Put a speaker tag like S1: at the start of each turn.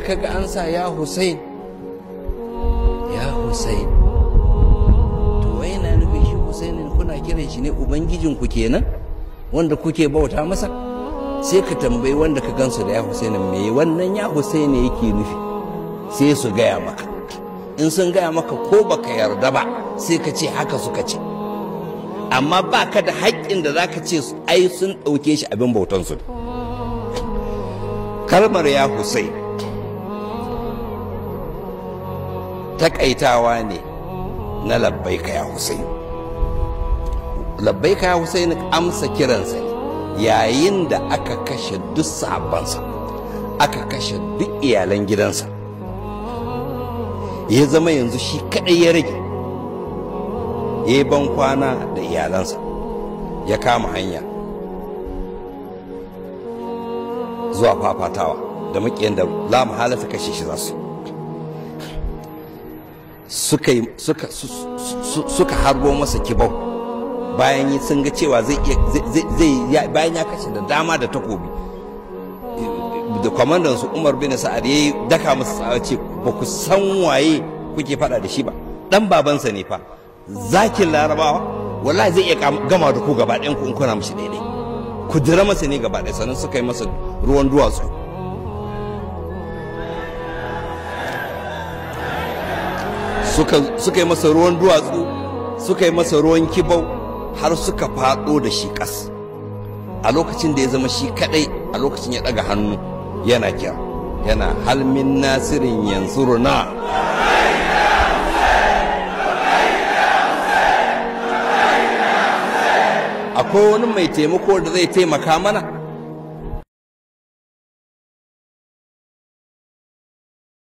S1: da kaga an sa ya Hussein ya Hussein to wai na nufi shi Hussein kuna kiran shi ne ubangijin ku kenan wanda kuke bauta masa sai ka tambayi wanda ka gansu da ya Hussein me wannan ya Hussein yake nufi sai su gaya maka in sun gaya maka ko baka yarda ba sai ka ce haka suka ce amma ba ka da haƙƙin da za ka ce ai sun ɗauke shi abin bautansu kalmar ya Hussein takaitawa ne na labbai ya Hussein labbai ya amsa kiransa yayin da aka kashe duk sahabbansa aka kashe duk iyalan gidansa ya zama yanzu shi kaɗai ya rage ya yi ban kwana da iyalansa ya kama hanya zuwa fafatawa da muke da la kashe shi za su suka harbo masa kibau bayan yi sun ga cewa zai bayan ya kashe da dama da takobi da kwamandan su umar bin sa'ad ya daka masa tsawa ce ba ku san waye kuke fada da shi ba dan babansa ne fa zakin larabawa wala zai iya gama da ku gaba ɗayan ku in kuna daidai ku dira masa ne gaba ɗaya sannan suka yi masa ruwan duwatsu suka yi masa ruwan duwatsu suka yi masa ruwan kibau har suka faɗo da shi ƙas a lokacin da ya zama shi kaɗai a lokacin ya ɗaga hannu yana kira yana halmin nasirin yanzu runa akwai wani mai taimako da zai taimaka mana